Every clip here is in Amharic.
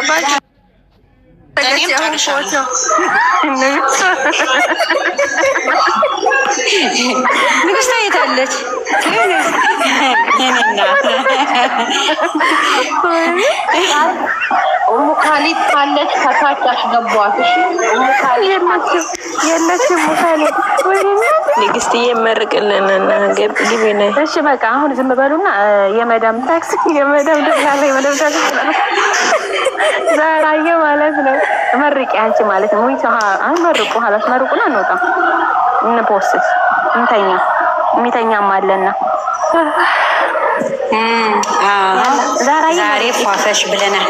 አባቸው ንግስቷ የት አለች? ሙካሊት ካለች ከታች አስገቧት። የለችም ሙካሊት። ንግስትዬ መርቅልን ግቢ ነይ። እሺ በቃ አሁን ዝም በሉና የመዳም ታክሲ የመዳም ደብላ የመዳም ታክሲ ዘራየ ማለት ነው። መርቂ አንቺ ማለት ነው። ወይ መርቁ ሀላስ መርቁና እንወጣ እንፖስት እንተኛ የሚተኛም አለና ዛሬ ፏፈሽ ብለናል።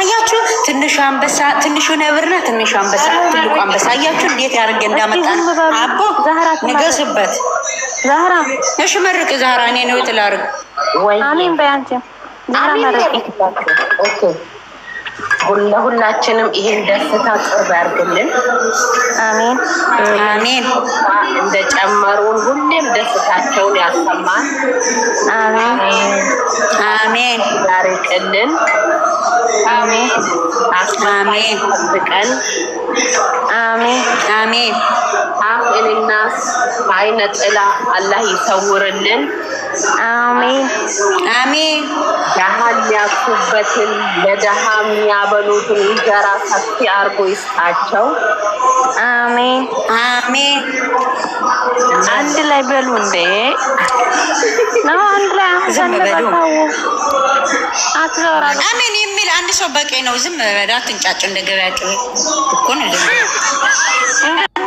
አያችሁ ትንሹ አንበሳ ትንሹ ነብርና ትንሹ አንበሳ ትልቁ አንበሳ አያችሁ እንዴት ያደርግ እንዳመጣን አቦ ንገስበት ዛራ እሺ መርቅ ዛራ እኔ ነው ትላርግ አሜን በይ ዛራ መርቅ ኦኬ ለሁላችንም ይሄን ደስታ ቅርብ ያርግልን። አሜን አሜን። እንደጨመሩን ሁሌም ደስታቸውን ያሰማን። አሜን አሜን። ያርቅልን። አሜን አሜን። ጠብቀን። አሜን አሜን። ከአፍንና ከዓይነ ጥላ አላህ ይሰውርልን። አሜን አሜን። ደሃ የሚያኩበትን ለደሃ የሚያበሉትን እንጀራ ሰፊ አርጎ ይስጣቸው። አሜን አሜን። አንድ ላይ በሉ እንዴ አንድ ላይ አሜን የሚል አንድ ሰው በቂ ነው። ዝም በላት እንጫጭ እንደ ገበያ ቅቤ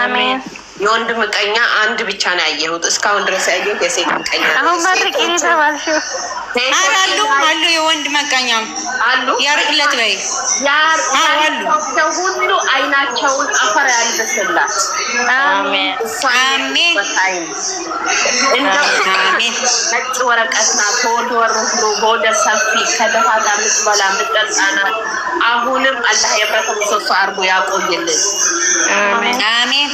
አሜን። የወንድ ምቀኛ አንድ ብቻ ነው ያየሁት እስካሁን ድረስ ያየሁት የሴት ምቀኛ። አሁን ማድረቅ የተባልሽው አሉ አሉ የወንድ መቀኛ አሉ። ያርቅለት በይ አሉ። ሁሉ አይናቸውን መልስላት። ነጭ ወረቀትና ናት። ወርዶ ሆደ ሰፊ ከደሃ ጋር የምትበላ የምትጠጣ አሁንም አላህ የብረት ምሰሶ አድርጎ ያቆይልን። አሜን።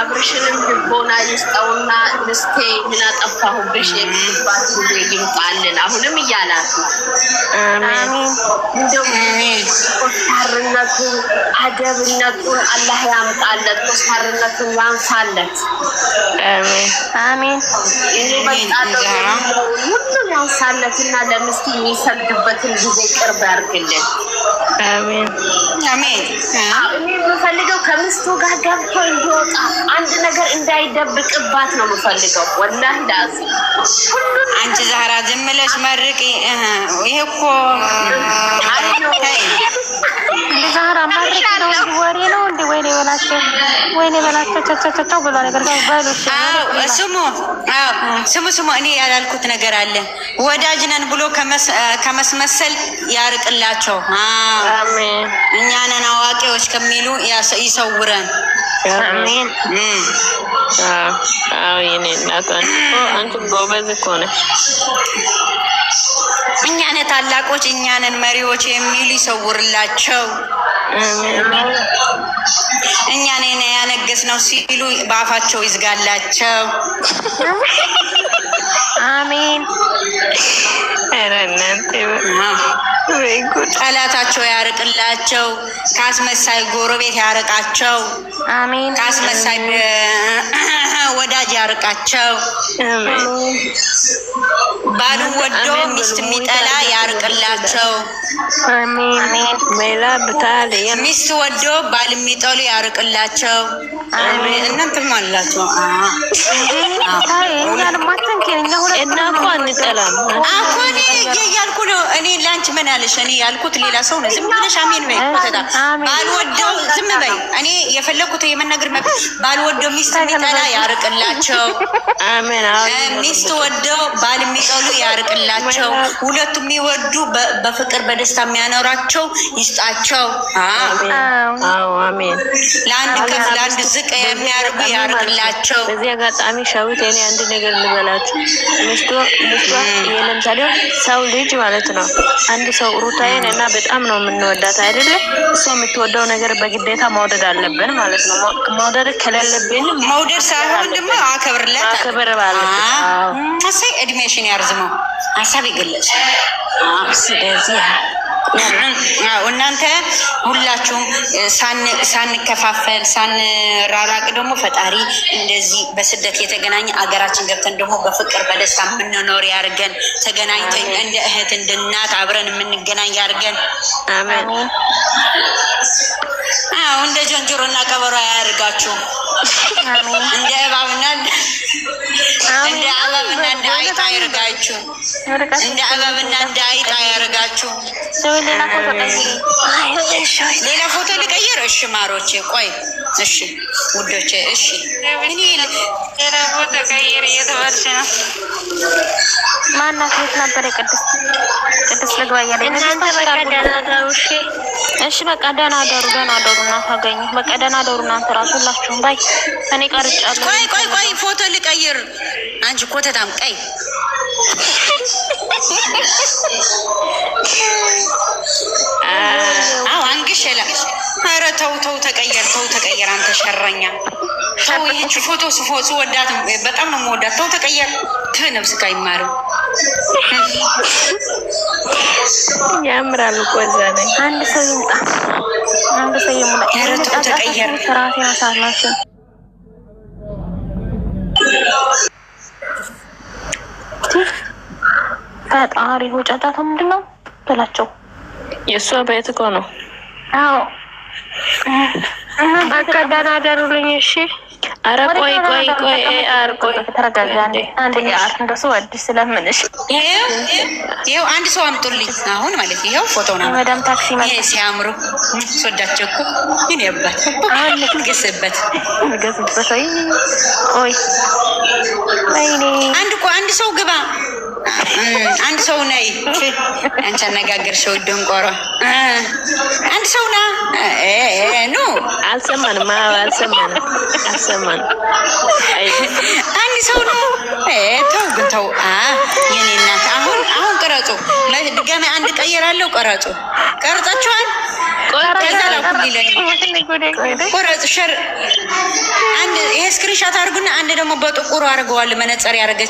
አብርሽንም ልቦና ይስጠውና ንስቴ ምን አጠፋሁብሽ የምባት ጊዜ ይምጣልን። አሁንም እያላት እንደው ኮስታርነቱን አደብነቱን አላህ ያምጣለት፣ ኮስታርነቱን ያንሳለት። አሜን። ይህ ሁሉን ያንሳለትና ለምስት የሚሰግድበትን ጊዜ ቅርብ ያርግልን። አሜን። የምፈልገው ከሚስቱ ጋር ገብቶ እንዲወጣ አንድ ነገር እንዳይደብቅባት ነው የምፈልገው። ወላ ዳዚ አንቺ ዛራ ዝም ብለሽ መርቂ። ይሄ እኮ ዛህራ ማድረግ ነው ወሬ ነው በላቸው፣ ወይኔ በላቸው፣ ቸቸቸቸው ብሏል። ነገር በሉ ስሙ ስሙ ስሙ። እኔ ያላልኩት ነገር አለ። ወዳጅ ነን ብሎ ከመስመሰል ያርቅላቸው፣ እኛንን አዋቂዎች ከሚሉ ይሰውረን። አሜን። አዎ የኔ እናት አንቺ ጎበዝ እኮ ነሽ። እኛን ታላቆች እኛንን መሪዎች የሚል ይሰውርላቸው። እኛን ያነገስ ነው ሲሉ በአፋቸው ይዝጋላቸው። አሜን። ጠላታቸው ያርቅላቸው። ከአስመሳይ ጎረቤት ያርቃቸው። አሜን። ከአስመሳይ ወዳጅ ያርቃቸው። ባሉ ወዶ ሚስት የሚጠላ ያርቅላቸው። ሚስት ወዶ ባል የሚጠሉ ያርቅላቸው። እናንተም አላቸው እያልኩ ነው እኔ ምን አለሽ? እኔ ያልኩት ሌላ ሰው ነው። ዝም ብለሽ አሜን በይ። ባልወደው ዝም በይ። እኔ የመናገር መብት ባልወደው ሚስት የሚጠላ ያርቅ ያርቅላቸው። ሚስት ወደው ባል የሚጠሉ ያርቅላቸው። ሁለቱ የሚወዱ በፍቅር በደስታ የሚያኖራቸው ይስጣቸው። ለአንድ ከፍ ለአንድ ዝቅ የሚያርጉ ያርቅላቸው። በዚህ አጋጣሚ ሸዊት እኔ አንድ ነገር ልበላችሁ። ሚስቶ ለምሳሌ ሰው ልጅ ማለት ነው አንድ ሰው ሩታዬን እና በጣም ነው የምንወዳት አይደለ? እሷ የምትወደው ነገር በግዴታ መውደድ አለብን ማለት ነው። መውደድ ከሌለብን መውደድ ሳይሆን ወንድም አከብርለት አከብር ማለት እሰይ እድሜሽን ያርዝመው። ሀሳብ የገለጽ እናንተ ሁላችሁም ሳንከፋፈል ሳንራራቅ ደግሞ ፈጣሪ እንደዚህ በስደት የተገናኘ አገራችን ገብተን ደግሞ በፍቅር በደስታ የምንኖር ያርገን። ተገናኝተን እንደ እህት እንደ እናት አብረን የምንገናኝ ያርገን። እንደ ጆንጆሮና ቀበሮ ያርጋችሁ እንደ እንደ አበብና እንደ አይጥ እንደ እንደ አይጥ ሌላ ፎቶ ልቀይር? እሺ ማሮቼ፣ ቆይ እሺ ውዶቼ፣ እሺ ሌላ ፎቶ ቀይር እየተባልሽ ነው። ማናት? የት ነበር? የቅድስት ቅድስት ልግባ እሺ በቃ ደህና ደህና በቃ ደህና እናንተ ሁላችሁም። ባይ እኔ ቀርጫለሁ። ቆይ ቆይ ቆይ ፎቶ አንቺ ኮተታም ቀይ አዎ አንግሽ ለ ኧረ ተው ተው፣ ተቀየር፣ ተው ተቀየር። አንተ ሸረኛ ተው። ይህች ፎቶ ስፎቱ ወዳት በጣም ነው መወዳት። ተው ተቀየር። ት ነብስ ጋ ይማሩ ያምራሉ። ቆዛ ነኝ አንድ ሰው ይምጣ፣ አንድ ሰው ይምጣ። ኧረ ተው ተቀየር። ራሴ ያሳላቸው ፈጣሪ ሆ ጫጫታ ምንድን ነው በላቸው። የእሷ ቤት እኮ ነው። አዎ በቃ ደህና ደሩልኝ። እሺ አረ ቆይ ቆይ ቆይ አር ቆይ አንድ እንደሱ ወድ ስለምንሽ አንድ ሰው አምጡልኝ አሁን ማለት ፎቶ ነው። መዳም ታክሲ ማለት ይሄ ሲያምሩ እኮ ያባት አሁን ቆይ ወይኔ አንድ ሰው ግባ፣ አንድ ሰው ነይ። አንቺ ሰው ደንቆሮ። አንድ ሰው ና። ኑ አልሰማንም፣ አልሰማንም፣ አልሰማንም። አንድ ሰው ነው። ተው ግን ተው፣ የኔ እናት። አሁን አሁን ቀረጹ፣ ድጋሚ አንድ ቀይራለሁ። ቀረጹ፣ ቀርጻችኋል። ከዛ ላኩልኝ ቆረጡ። ሸር ይሄ ስክሪንሻት አድርጉና አንድ ደግሞ በጥቁሩ አድርገዋል መነጽር ያደረገች